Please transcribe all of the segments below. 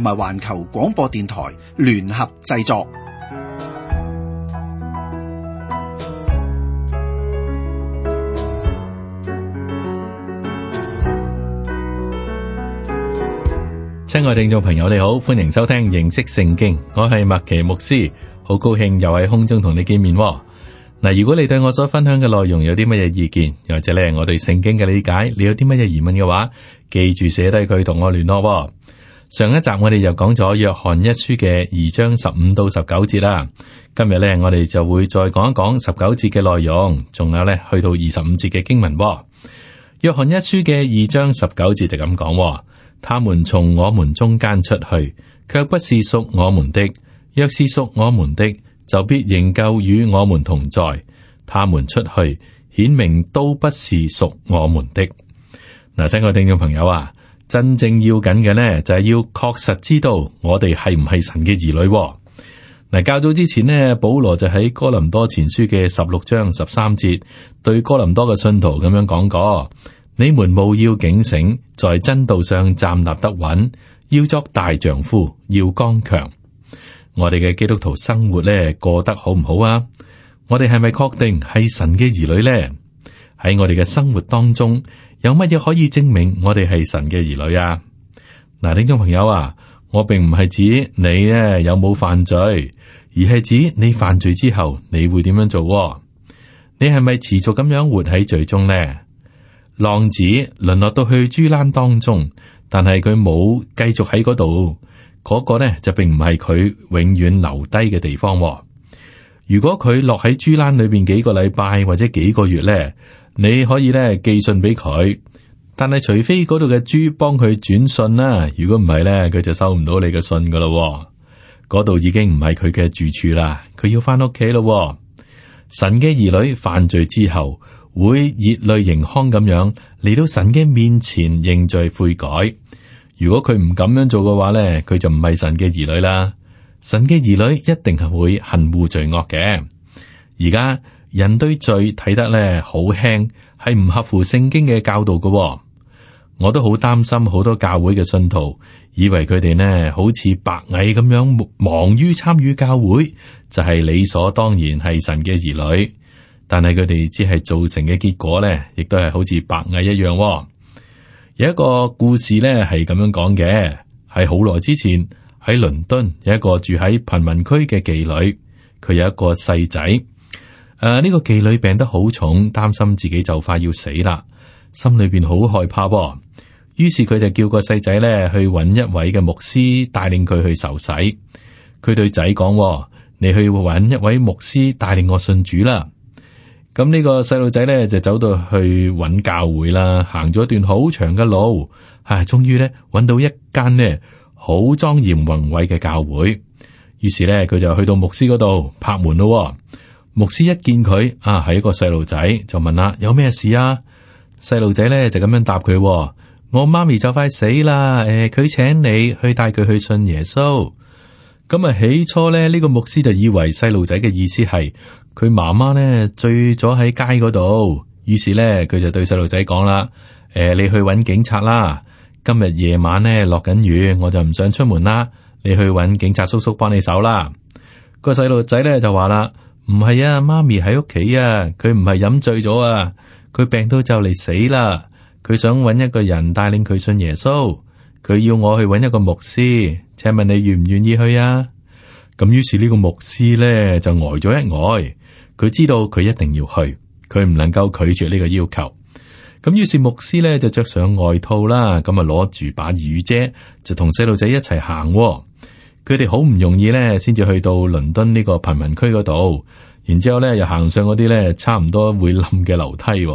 同埋環球廣播電台聯合製作。親愛聽眾朋友，你好，歡迎收聽認識聖經。我係麥奇牧師，好高興又喺空中同你見面。嗱，如果你對我所分享嘅內容有啲乜嘢意見，又或者咧，我對聖經嘅理解，你有啲乜嘢疑問嘅話，記住寫低佢同我聯絡。上一集我哋又講咗約翰一書嘅二章十五到十九節啦，今日呢，我哋就會再講一講十九節嘅內容，仲有呢去到二十五節嘅經文。約翰一書嘅二章十九節就咁講：他們從我們中間出去，卻不是屬我們的；若是屬我們的，就必仍舊與我們同在。他們出去，顯明都不是屬我們的。嗱，真我聽眾朋友啊！真正要緊嘅呢，就係要確實知道我哋係唔係神嘅兒女，哦。嗱，較早之前呢，保羅就喺哥林多前書嘅十六章十三節，對哥林多嘅信徒咁樣講過：你們務要警醒，在真道上站立得穩，要作大丈夫，要剛強。我哋嘅基督徒生活呢，過得好唔好啊？我哋係咪確定係神嘅兒女呢？喺我哋嘅生活當中。有乜嘢可以證明我哋係神嘅兒女啊？嗱，聽眾朋友啊，我並唔係指你咧有冇犯罪，而係指你犯罪之後你會點樣做啊？你係咪持續咁樣活喺罪中呢？浪子淪落到去豬欄當中，但係佢冇繼續喺嗰度，嗰個呢就並唔係佢永遠留低嘅地方啊。如果佢落喺豬欄裏邊幾個禮拜或者幾個月呢。你可以咧寄信俾佢，但係除非嗰度嘅豬幫佢轉信啦，如果唔係咧，佢就收唔到你嘅信噶咯。嗰度已經唔係佢嘅住處啦，佢要翻屋企咯。神嘅兒女犯罪之後，會熱淚盈眶咁樣嚟到神嘅面前認罪悔改。如果佢唔咁樣做嘅話咧，佢就唔係神嘅兒女啦。神嘅兒女一定係會恨惡罪惡嘅。而家，人對罪睇得咧好輕，係唔合乎聖經嘅教導嘅，哦。我都好擔心好多教會嘅信徒，以為佢哋呢好似白蟻咁樣忙於參與教會，就係、是、理所當然係神嘅兒女。但係佢哋只係造成嘅結果呢，亦都係好似白蟻一樣，哦。有一個故事呢係咁樣講嘅，喺好耐之前喺倫敦有一個住喺貧民區嘅妓女，佢有一個細仔。誒，呢、啊，這個妓女病得好重，擔心自己就快要死啦，心裏邊好害怕、哦。於是佢就叫個細仔咧去搵一位嘅牧師帶領佢去受洗。佢對仔講：，你去搵一位牧師，帶領,、哦、位牧師帶領我信主啦。咁、嗯，這個、呢個細路仔咧就走到去搵教會啦，行咗一段好長嘅路，吓、啊，終於咧搵到一間呢好莊嚴宏偉嘅教會。於是咧佢就去到牧師嗰度拍門咯、哦。牧師一見佢啊，係一個細路仔，就問啦：有咩事啊？細路仔咧就咁樣答佢、哦：我媽咪就快死啦。誒、呃，佢請你去帶佢去信耶穌。咁、嗯、啊，起初咧呢、這個牧師就以為細路仔嘅意思係佢媽媽咧醉咗喺街嗰度，於是咧佢就對細路仔講啦：誒、呃，你去搵警察啦。今日夜晚咧落緊雨，我就唔想出門啦。你去搵警察叔叔幫你手啦。個細路仔咧就話啦。唔係啊，媽咪喺屋企啊，佢唔係飲醉咗啊，佢病到就嚟死啦，佢想揾一個人帶領佢信耶穌，佢要我去揾一個牧師，請問你願唔願意去啊？咁於是呢個牧師呢就呆咗一呆，佢知道佢一定要去，佢唔能夠拒絕呢個要求。咁於是牧師呢就着上外套啦，咁啊攞住把雨遮就同細路仔一齊行啊。佢哋好唔容易咧，先至去到倫敦呢個貧民區嗰度，然之後咧又行上嗰啲咧差唔多會冧嘅樓梯，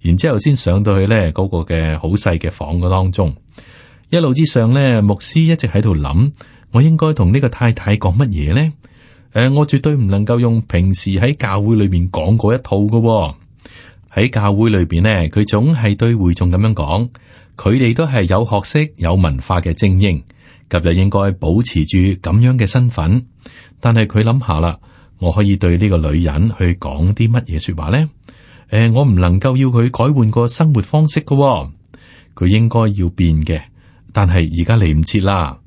然之後先上到去咧嗰個嘅好細嘅房嘅當中。一路之上咧，牧師一直喺度諗，我應該同呢個太太講乜嘢咧？誒、呃，我絕對唔能夠用平時喺教會裏面講過一套嘅。喺教會裏邊咧，佢總係對會眾咁樣講，佢哋都係有學識、有文化嘅精英。今日應該保持住咁樣嘅身份，但係佢諗下啦，我可以對呢個女人去講啲乜嘢說話咧？誒、呃，我唔能夠要佢改換個生活方式噶，哦，佢應該要變嘅。但係而家嚟唔切啦，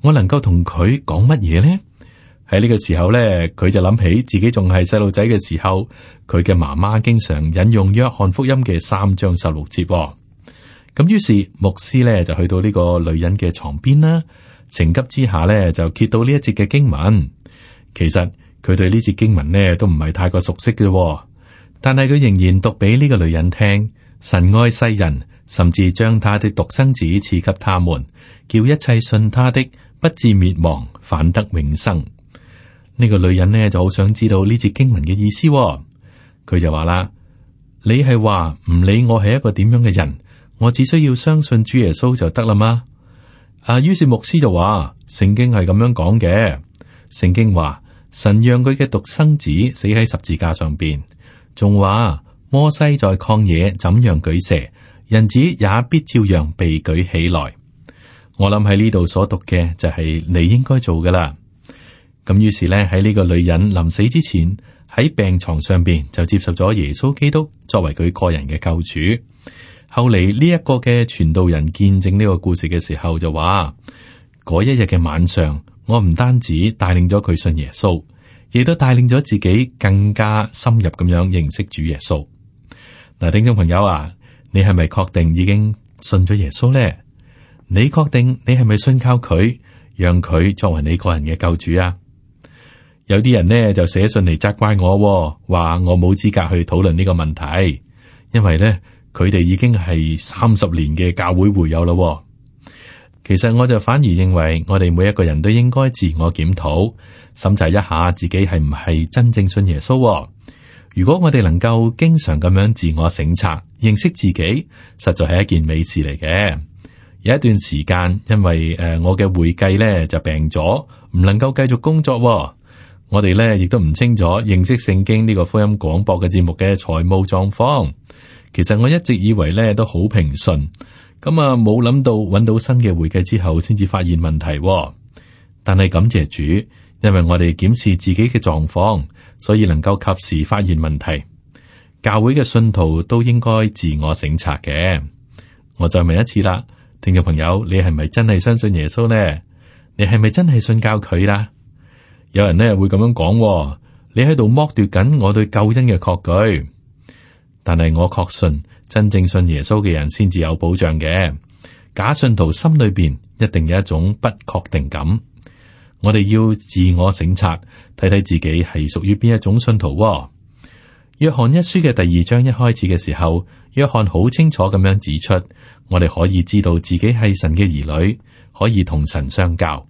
我能夠同佢講乜嘢咧？喺呢個時候咧，佢就諗起自己仲係細路仔嘅時候，佢嘅媽媽經常引用約翰福音嘅三章十六節，哦。咁於是牧師呢就去到呢個女人嘅床邊啦。情急之下呢，就揭到呢一節嘅經文。其實佢對呢節經文呢都唔係太過熟悉嘅喎，但係佢仍然讀俾呢個女人聽。神愛世人，甚至將他的獨生子賜給他們，叫一切信他的不至滅亡，反得永生。呢個女人呢就好想知道呢節經文嘅意思喎。佢就話啦：你係話唔理我係一個點樣嘅人？我只需要相信主耶穌就得啦嘛？啊，於是牧師就話：聖經係咁樣講嘅。聖經話神讓佢嘅獨生子死喺十字架上邊，仲話摩西在曠野怎樣舉蛇，人子也必照樣被舉起來。我諗喺呢度所讀嘅，就係你應該做噶啦。咁於是咧，喺呢個女人臨死之前，喺病床上邊就接受咗耶穌基督作為佢個人嘅救主。後嚟呢一個嘅傳道人見證呢個故事嘅時候就話，嗰一日嘅晚上，我唔單止帶領咗佢信耶穌，亦都帶領咗自己更加深入咁樣認識主耶穌。嗱、啊，聽眾朋友啊，你係咪確定已經信咗耶穌咧？你確定你係咪信靠佢，讓佢作為你個人嘅救主啊？有啲人呢，就寫信嚟責怪我、啊，話我冇資格去討論呢個問題，因為咧。佢哋已經係三十年嘅教會會友啦喎。其實我就反而認為，我哋每一個人都應該自我檢討、審查一下自己係唔係真正信耶穌喎。如果我哋能夠經常咁樣自我省察、認識自己，實在係一件美事嚟嘅。有一段時間，因為誒我嘅會計咧就病咗，唔能夠繼續工作喎。我哋咧亦都唔清楚認識聖經呢個福音廣播嘅節目嘅財務狀況。其實我一直以為咧都好平順，咁啊冇諗到揾到新嘅會計之後，先至發現問題，哦。但係感謝主，因為我哋檢視自己嘅狀況，所以能夠及時發現問題。教會嘅信徒都應該自我省察嘅。我再問一次啦，聽眾朋友，你係咪真係相信耶穌呢？你係咪真係信教佢啦？有人咧會咁樣講，哦，你喺度剝奪緊我對救恩嘅確據。但係我確信，真正信耶穌嘅人先至有保障嘅。假信徒心裏邊一定有一種不確定感。我哋要自我省察睇睇自己係屬於邊一種信徒，哦。約翰一書嘅第二章一開始嘅時候，約翰好清楚咁樣指出，我哋可以知道自己係神嘅兒女，可以同神相交。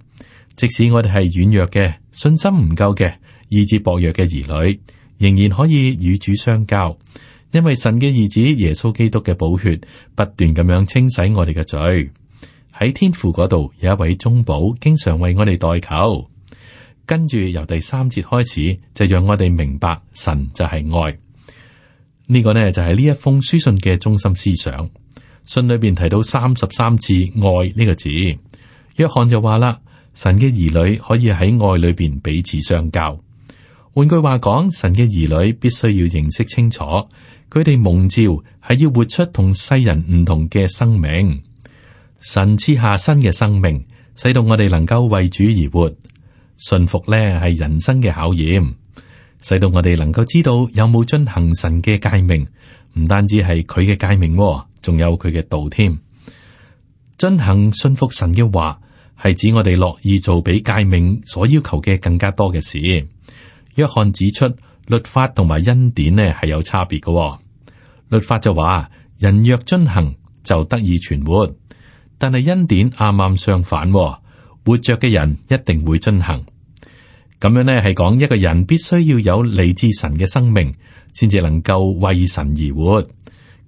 即使我哋係軟弱嘅，信心唔夠嘅，意志薄弱嘅兒女，仍然可以與主相交。因為神嘅兒子耶穌基督嘅寶血不斷咁樣清洗我哋嘅罪，喺天父嗰度有一位中保，經常為我哋代求。跟住由第三節開始就讓我哋明白神就係愛呢、呢個呢，就係呢一封書信嘅中心思想。信裏邊提到三十三次愛呢個字。約翰就話啦，神嘅兒女可以喺愛裏邊彼此相交。換句話講，神嘅兒女必須要認識清楚。佢哋蒙召係要活出同世人唔同嘅生命，神賜下新嘅生命，使到我哋能夠為主而活。信服呢係人生嘅考驗，使到我哋能夠知道有冇遵行神嘅誡命。唔單止係佢嘅誡命，仲有佢嘅道添。遵行信服神嘅話，係指我哋樂意做比誡命所要求嘅更加多嘅事。約翰指出。律法同埋恩典呢，係有差別嘅、哦，律法就話人若遵行就得以存活，但係恩典啱啱相反、哦，活着嘅人一定會遵行。咁樣呢，係講一個人必須要有理智神嘅生命，先至能夠為神而活。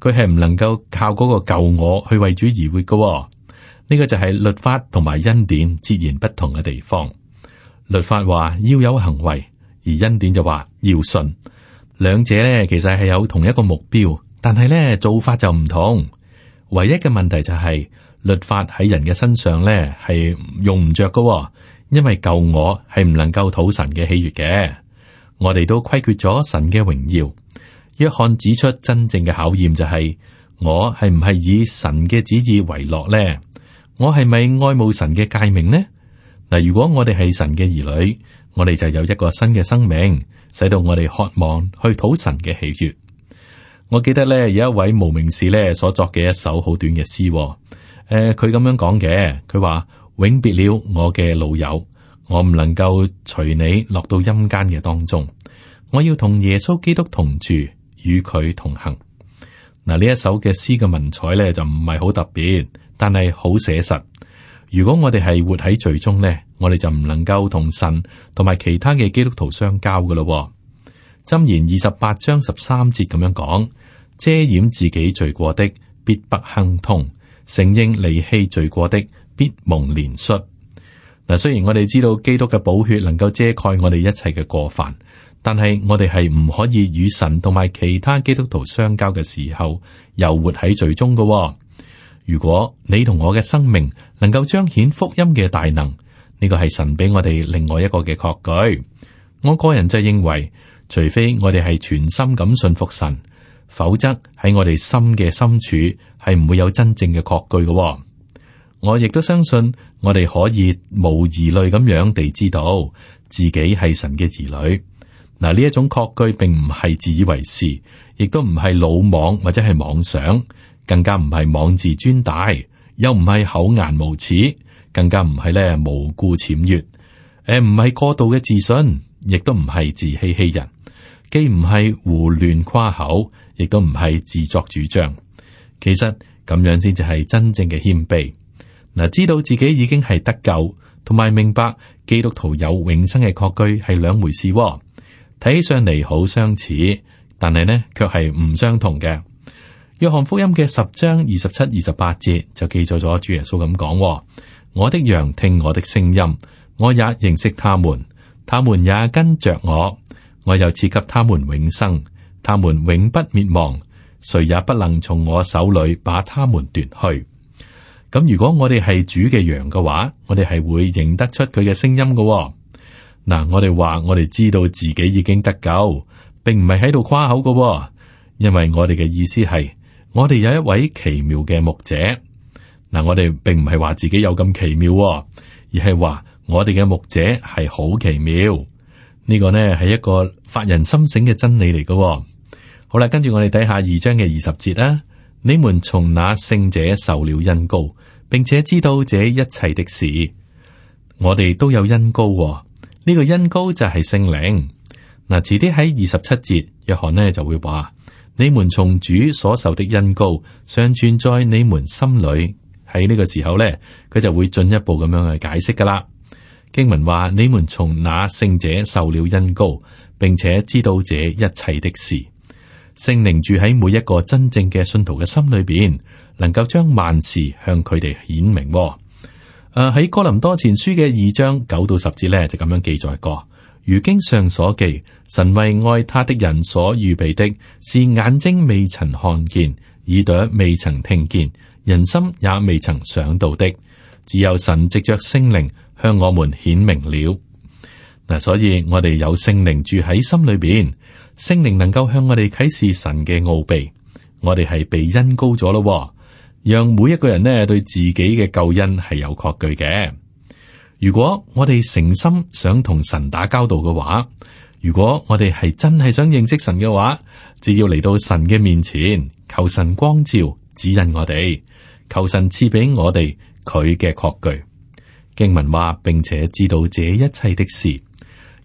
佢係唔能夠靠嗰個舊我去為主而活嘅、哦。呢個就係律法同埋恩典截然不同嘅地方。律法話要有行為。而恩典就話要信，兩者咧其實係有同一個目標，但係咧做法就唔同。唯一嘅問題就係、是、律法喺人嘅身上咧係用唔着噶、哦，因為救我係唔能夠討神嘅喜悅嘅。我哋都虧缺咗神嘅榮耀。約翰指出真正嘅考驗就係、是、我係唔係以神嘅旨意為樂咧？我係咪愛慕神嘅誡命呢？嗱，如果我哋係神嘅兒女。我哋就有一個新嘅生命，使到我哋渴望去討神嘅喜悦。我記得咧，有一位無名氏咧所作嘅一首好短嘅詩，誒、呃，佢咁樣講嘅，佢話，永別了我嘅老友，我唔能夠隨你落到陰間嘅當中，我要同耶穌基督同住，與佢同行。嗱、呃，呢一首嘅詩嘅文采咧就唔係好特別，但係好寫實。如果我哋係活喺罪中咧。我哋就唔能夠同神同埋其他嘅基督徒相交噶咯、哦。箴言二十八章十三節咁樣講：遮掩自己罪過的，必不亨通，承認離棄罪過的，必蒙憐恤。」嗱，雖然我哋知道基督嘅寶血能夠遮蓋我哋一切嘅過犯，但係我哋係唔可以與神同埋其他基督徒相交嘅時候又活喺罪中噶、哦。如果你同我嘅生命能夠彰顯福音嘅大能。呢個係神俾我哋另外一個嘅確據，我個人就認為，除非我哋係全心咁信服神，否則喺我哋心嘅深處係唔會有真正嘅確據嘅。哦。我亦都相信我哋可以無疑慮咁樣地知道自己係神嘅兒女。嗱，呢一種確據並唔係自以為是，亦都唔係魯莽或者係妄想，更加唔係妄自尊大，又唔係厚顏無恥。更加唔係咧，無故僭越。誒，唔係過度嘅自信，亦都唔係自欺欺人，既唔係胡亂誇口，亦都唔係自作主張。其實咁樣先至係真正嘅謙卑嗱。知道自己已經係得救，同埋明白基督徒有永生嘅確據係兩回事。睇起上嚟好相似，但係呢卻係唔相同嘅。約翰福音嘅十章二十七二十八節就記載咗主耶穌咁講。我的羊聽我的聲音，我也認識他們，他們也跟着我。我又賜給他們永生，他們永不滅亡，誰也不能從我手裏把他們奪去。咁如果我哋係主嘅羊嘅話，我哋係會認得出佢嘅聲音嘅，嗱，我哋話我哋知道自己已經得救，並唔係喺度誇口嘅、哦，因為我哋嘅意思係，我哋有一位奇妙嘅牧者。嗱，我哋並唔係話自己有咁奇，、哦、奇妙，而係話我哋嘅牧者係好奇妙。呢個呢係一個發人心醒嘅真理嚟嘅、哦。好啦，跟住我哋睇下二章嘅二十節啦、啊。你們從那聖者受了恩膏，並且知道這一切的事。我哋都有恩膏、哦。呢、這個恩膏就係聖靈嗱、啊。遲啲喺二十七節，約翰呢就會話：你們從主所受的恩膏，尚存在你們心裏。喺呢個時候呢，佢就會進一步咁樣去解釋噶啦。經文話：你們從那聖者受了恩膏，並且知道這一切的事。聖靈住喺每一個真正嘅信徒嘅心裏邊，能夠將萬事向佢哋顯明、哦。誒、啊，喺哥林多前書嘅二章九到十節呢，就咁樣記載過。如經上所記，神為愛他的人所預備的，是眼睛未曾看見，耳朵未曾聽見。人心也未曾想到的，只有神藉着聖靈向我們顯明了。嗱，所以我哋有聖靈住喺心裏邊，聖靈能夠向我哋啟示神嘅奧秘。我哋係被恩膏咗咯，讓每一個人呢對自己嘅救恩係有確據嘅。如果我哋誠心想同神打交道嘅話，如果我哋係真係想認識神嘅話，只要嚟到神嘅面前，求神光照。指引我哋，求神賜俾我哋佢嘅確據。經文話，並且知道這一切的事。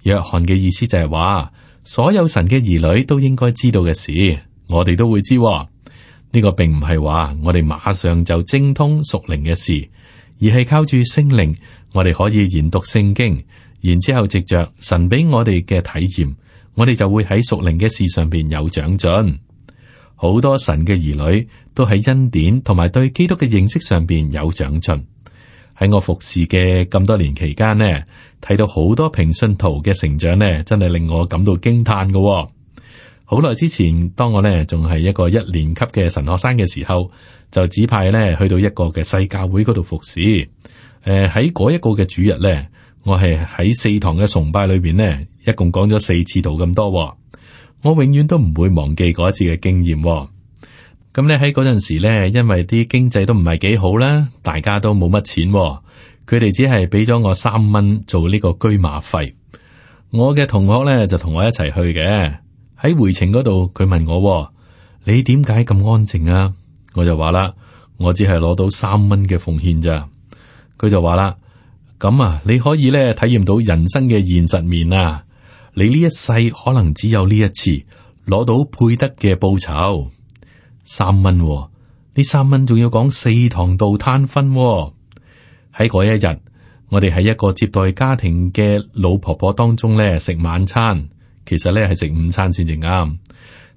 約翰嘅意思就係話，所有神嘅兒女都應該知道嘅事，我哋都會知，哦。呢，這個並唔係話我哋馬上就精通屬靈嘅事，而係靠住聖靈，我哋可以研讀聖經，然之後藉着神俾我哋嘅體驗，我哋就會喺屬靈嘅事上邊有長進。好多神嘅兒女都喺恩典同埋對基督嘅認識上邊有長進。喺我服侍嘅咁多年期間呢，睇到好多平信徒嘅成長呢，真係令我感到驚嘆噶。好耐之前，當我呢仲係一個一年級嘅神學生嘅時候，就指派呢去到一個嘅細教會嗰度服侍。誒、呃，喺嗰一個嘅主日呢，我係喺四堂嘅崇拜裏邊呢，一共講咗四次道咁多、哦。我永遠都唔會忘記嗰一次嘅經驗、哦。咁咧喺嗰陣時咧，因為啲經濟都唔係幾好啦，大家都冇乜錢、哦。佢哋只係俾咗我三蚊做呢個居馬費。我嘅同學咧就同我一齊去嘅。喺回程嗰度，佢問我、哦：你點解咁安靜啊？我就話啦，我只係攞到三蚊嘅奉獻咋。佢就話啦：咁啊，你可以咧體驗到人生嘅現實面啊！你呢一世可能只有呢一次攞到配得嘅報酬三蚊、哦，呢三蚊仲要講四堂道攤分喎、哦。喺嗰一日，我哋喺一個接待家庭嘅老婆婆當中咧食晚餐，其實咧係食午餐先至啱。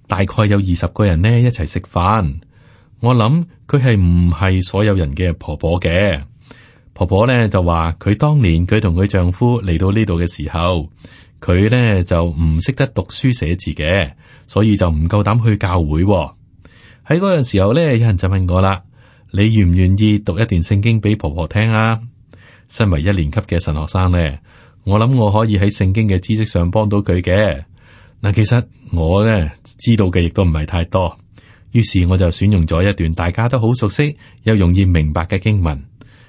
大概有二十個人呢一齊食飯，我諗佢係唔係所有人嘅婆婆嘅婆婆咧就話佢當年佢同佢丈夫嚟到呢度嘅時候。佢咧就唔識得讀書寫字嘅，所以就唔夠膽去教會喎。喺嗰陣時候咧，有人就問我啦：你願唔願意讀一段聖經俾婆婆聽啊？身為一年級嘅神學生咧，我諗我可以喺聖經嘅知識上幫到佢嘅。嗱，其實我咧知道嘅亦都唔係太多，於是我就選用咗一段大家都好熟悉又容易明白嘅經文。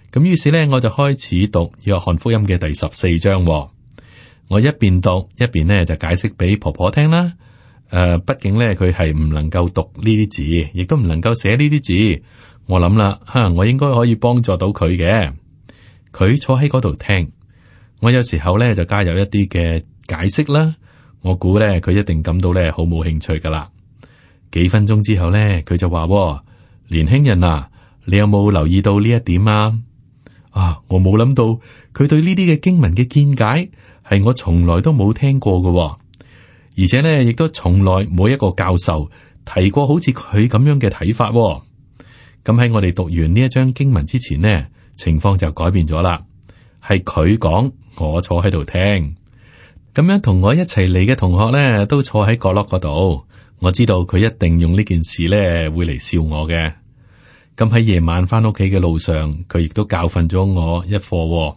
咁於是咧，我就開始讀約翰福音嘅第十四章喎。我一邊讀一邊咧就解釋俾婆婆聽啦。誒、呃，畢竟咧佢係唔能夠讀呢啲字，亦都唔能夠寫呢啲字。我諗啦，吓我應該可以幫助到佢嘅。佢坐喺嗰度聽，我有時候咧就加入一啲嘅解釋啦。我估咧佢一定感到咧好冇興趣噶啦。幾分鐘之後咧，佢就話：哦，年輕人啊，你有冇留意到呢一點啊？啊，我冇諗到佢對呢啲嘅經文嘅見解。係我從來都冇聽過嘅、哦，而且呢，亦都從來冇一個教授提過好似佢咁樣嘅睇法、哦。咁、嗯、喺我哋讀完呢一章經文之前呢，情況就改變咗啦。係佢講，我坐喺度聽。咁樣同我一齊嚟嘅同學呢，都坐喺角落嗰度。我知道佢一定用呢件事呢，會嚟笑我嘅。咁喺夜晚翻屋企嘅路上，佢亦都教訓咗我一課、哦。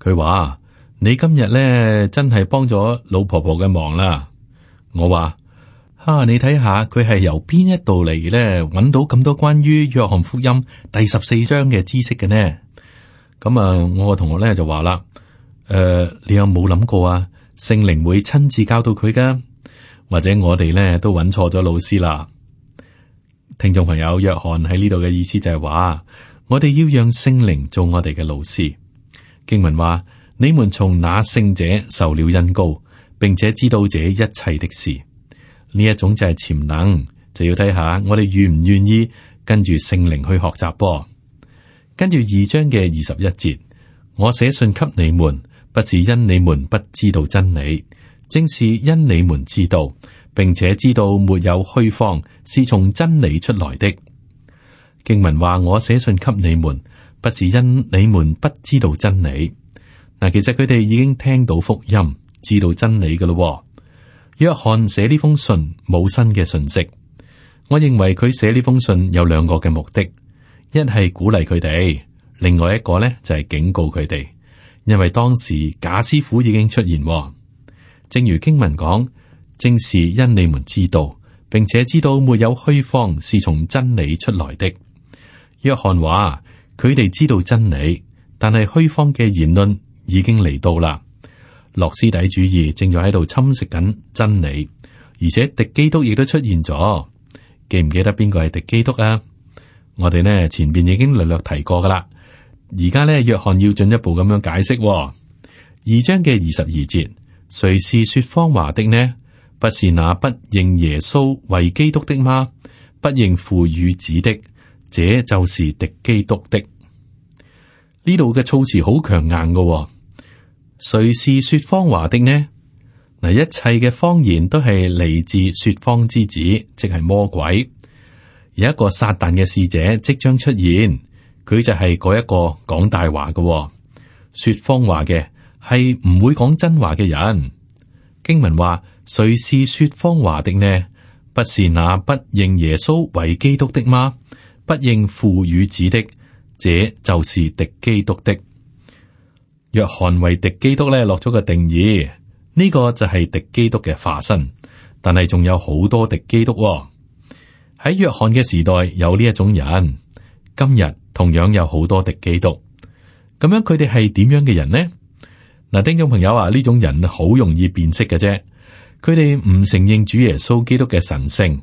佢話。你今日咧真係幫咗老婆婆嘅忙啦。我話吓，啊，你睇下佢係由邊一度嚟咧？搵到咁多關於約翰福音第十四章嘅知識嘅呢？咁啊，我個同學咧就話啦，誒、啊，你有冇諗過啊？聖靈會親自教導佢噶，或者我哋咧都搵錯咗老師啦。聽眾朋友，約翰喺呢度嘅意思就係話，我哋要讓聖靈做我哋嘅老師。經文話。你們從那聖者受了恩膏，並且知道這一切的事，呢一種就係潛能，就要睇下我哋願唔願意跟住聖靈去學習噃。跟住二章嘅二十一節，我寫信給你們，不是因你們不知道真理，正是因你們知道，並且知道沒有虛謊，是從真理出來的。經文話：我寫信給你們，不是因你們不知道真理。嗱，其實佢哋已經聽到福音，知道真理噶啦。約翰寫呢封信冇新嘅訊息，我認為佢寫呢封信有兩個嘅目的，一係鼓勵佢哋，另外一個呢就係警告佢哋，因為當時假師傅已經出現。正如經文講，正是因你們知道，並且知道沒有虛謊是從真理出來的。約翰話佢哋知道真理，但係虛謊嘅言論已經嚟到啦，諾斯底主義正在喺度侵蝕緊真理，而且敵基督亦都出現咗。記唔記得邊個係敵基督啊？我哋呢，前面已經略略提過噶啦。而家呢，約翰要進一步咁樣解釋。哦，二章嘅二十二節，誰是說謊話的呢？不是那不認耶穌為基督的嗎？不認父與子的，這就是敵基督的。呢度嘅措辭好強硬㗎喎，誰是說謊話的呢？嗱，一切嘅謊言都係嚟自說謊之子，即係魔鬼。有一個撒旦嘅使者即將出現，佢就係嗰一個講大話㗎喎，說謊話嘅係唔會講真話嘅人。經文話，誰是說謊話的呢？不是那不認耶穌為基督的嗎？不認父與子的。這就是敵基督的。約翰為敵基督咧落咗個定義，呢、這個就係敵基督嘅化身。但係仲有好多敵基督喎、哦。喺約翰嘅時代有呢一種人，今日同樣有好多敵基督。咁樣佢哋係點樣嘅人呢？嗱，丁種朋友話，呢種人好容易辨識嘅啫。佢哋唔承認主耶穌基督嘅神性，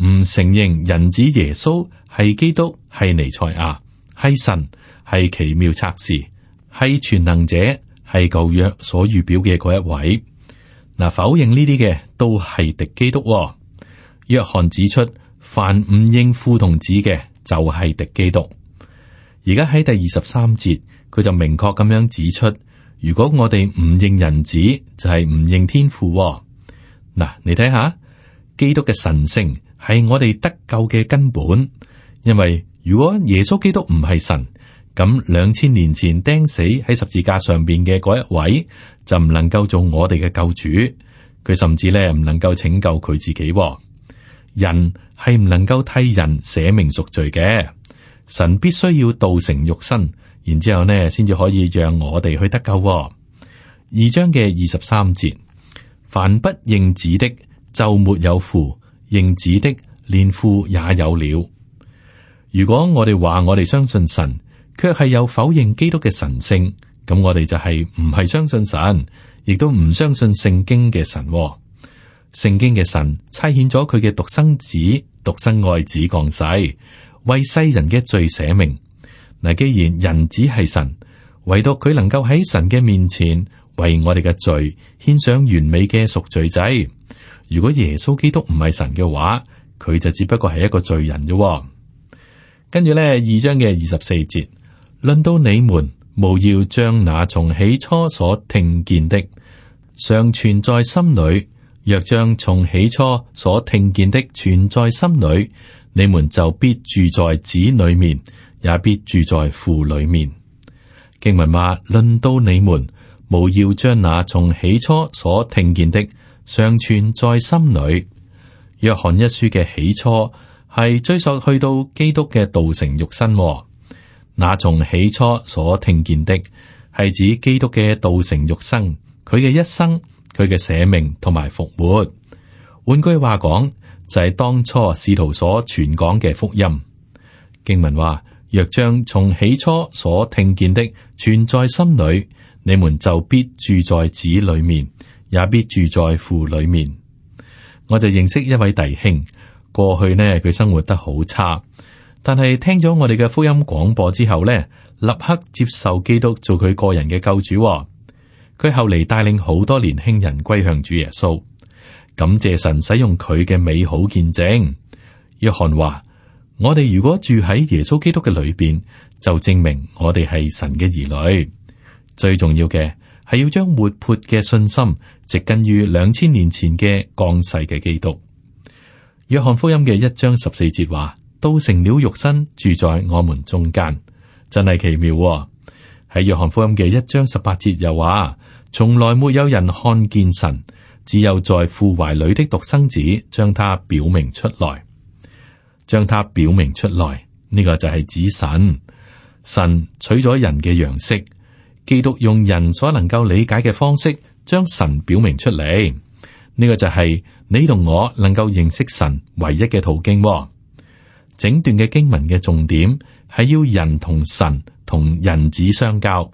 唔承認人子耶穌係基督係彌賽亞。係神，係奇妙策士，係全能者，係舊約所預表嘅嗰一位。嗱，否認呢啲嘅都係敵基督，哦。約翰指出，凡唔認父同子嘅，就係敵基督。而家喺第二十三節，佢就明確咁樣指出，如果我哋唔認人子，就係唔認天父，哦。嗱，你睇下，基督嘅神聖係我哋得救嘅根本，因為。如果耶穌基督唔係神，咁兩千年前釘死喺十字架上邊嘅嗰一位就唔能夠做我哋嘅救主，佢甚至咧唔能夠拯救佢自己。人係唔能夠替人捨命贖罪嘅，神必須要道成肉身，然之後咧先至可以讓我哋去得救。二章嘅二十三節，凡不認子的就沒有父，認子的連父也有了。如果我哋話我哋相信神，卻係有否認基督嘅神性，咁我哋就係唔係相信神，亦都唔相信聖經嘅神，哦。聖經嘅神差遣咗佢嘅獨生子獨生愛子降世，為世人嘅罪寫命嗱。既然人只係神，唯獨佢能夠喺神嘅面前為我哋嘅罪獻上完美嘅贖罪祭。如果耶穌基督唔係神嘅話，佢就只不過係一個罪人啫，哦。跟住呢二章嘅二十四節，論到你們，務要將那從起初所聽見的，常存在心裏；若將從起初所聽見的存在心裏，你們就必住在子裏面，也必住在父裏面。經文話：論到你們，務要將那從起初所聽見的，常存在心裏。約翰一書嘅起初。係追溯去到基督嘅道成肉身、哦，那從起初所聽見的，係指基督嘅道成肉身，佢嘅一生，佢嘅捨命同埋復活。換句話講，就係、是、當初使徒所傳講嘅福音。經文話：若將從起初所聽見的存在心裏，你們就必住在子裏面，也必住在父裏面。我就認識一位弟兄。過去呢，佢生活得好差，但係聽咗我哋嘅福音廣播之後呢，立刻接受基督做佢個人嘅救主、哦。佢後嚟帶領好多年輕人歸向主耶穌，感謝神使用佢嘅美好見證。約翰話：我哋如果住喺耶穌基督嘅裏邊，就證明我哋係神嘅兒女。最重要嘅係要將活潑嘅信心，植根於兩千年前嘅降世嘅基督。約翰福音嘅一章十四節話：，道成了肉身，住在我們中間，真係奇妙、哦。喺約翰福音嘅一章十八節又話：，從來沒有人看見神，只有在父懷裏的獨生子將他表明出來，將他表明出來。呢、這個就係指神，神取咗人嘅樣式，基督用人所能夠理解嘅方式，將神表明出嚟。呢個就係你同我能夠認識神唯一嘅途徑喎。整段嘅經文嘅重點係要人同神同人子相交，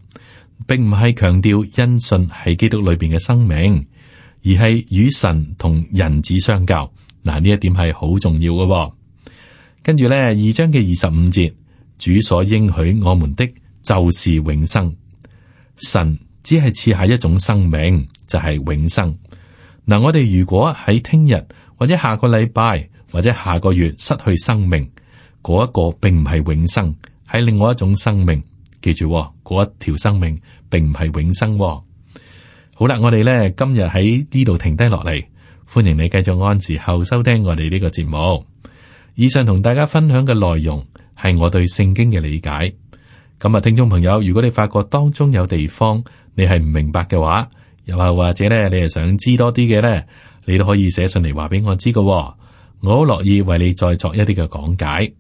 並唔係強調因信喺基督裏邊嘅生命，而係與神同人子相交。嗱，呢一點係好重要㗎喎。跟住呢，二章嘅二十五節，主所應許我們的，就是永生。神只係賜下一種生命，就係永生。嗱，我哋如果喺聽日或者下個禮拜或者下個月失去生命，嗰一個並唔係永生，係另外一種生命。記住，嗰一條生命並唔係永生。好啦，我哋咧今日喺呢度停低落嚟，歡迎你繼續按時後收聽我哋呢個節目。以上同大家分享嘅內容係我對聖經嘅理解。咁啊，聽眾朋友，如果你發覺當中有地方你係唔明白嘅話，又或者咧，你係想知多啲嘅呢？你都可以寫信嚟，話俾我知噶。我好樂意為你再作一啲嘅講解。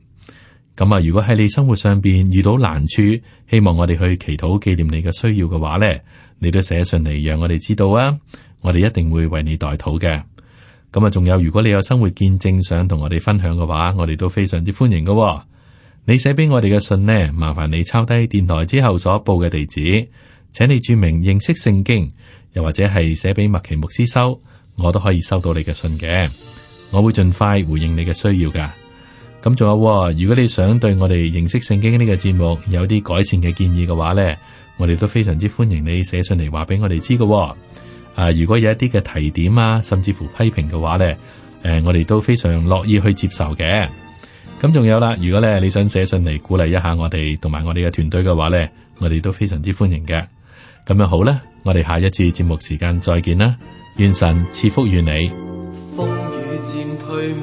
咁啊，如果喺你生活上邊遇到難處，希望我哋去祈禱紀念你嘅需要嘅話呢，你都寫信嚟讓我哋知道啊。我哋一定會為你代禱嘅。咁啊，仲有如果你有生活見證想同我哋分享嘅話，我哋都非常之歡迎噶。你寫俾我哋嘅信呢，麻煩你抄低電台之後所報嘅地址，請你注明認識聖經。又或者係寫俾麥奇牧師收，我都可以收到你嘅信嘅。我會盡快回應你嘅需要噶。咁仲有，如果你想對我哋認識聖經呢，這個節目有啲改善嘅建議嘅話呢，我哋都非常之歡迎你寫信嚟話俾我哋知嘅。啊，如果有一啲嘅提點啊，甚至乎批評嘅話呢，誒、啊，我哋都非常樂意去接受嘅。咁仲有啦，如果咧你想寫信嚟鼓勵一下我哋同埋我哋嘅團隊嘅話呢，我哋都非常之歡迎嘅。咁樣好啦，我哋下一次節目時間再見啦，願神賜福於你。風雨漸退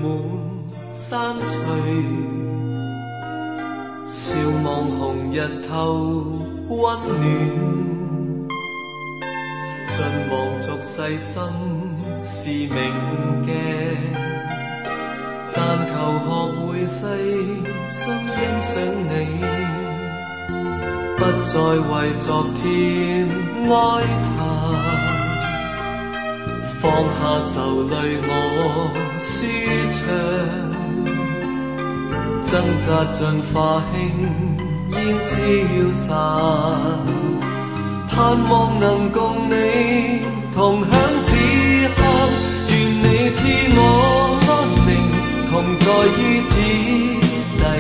不再為昨天哀嘆，放下愁淚我舒暢，掙扎盡化輕煙消散，盼望能共你同享此刻，願你知我安寧，同在於此際，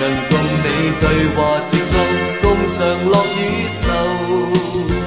能共你對話接觸。常樂與愁。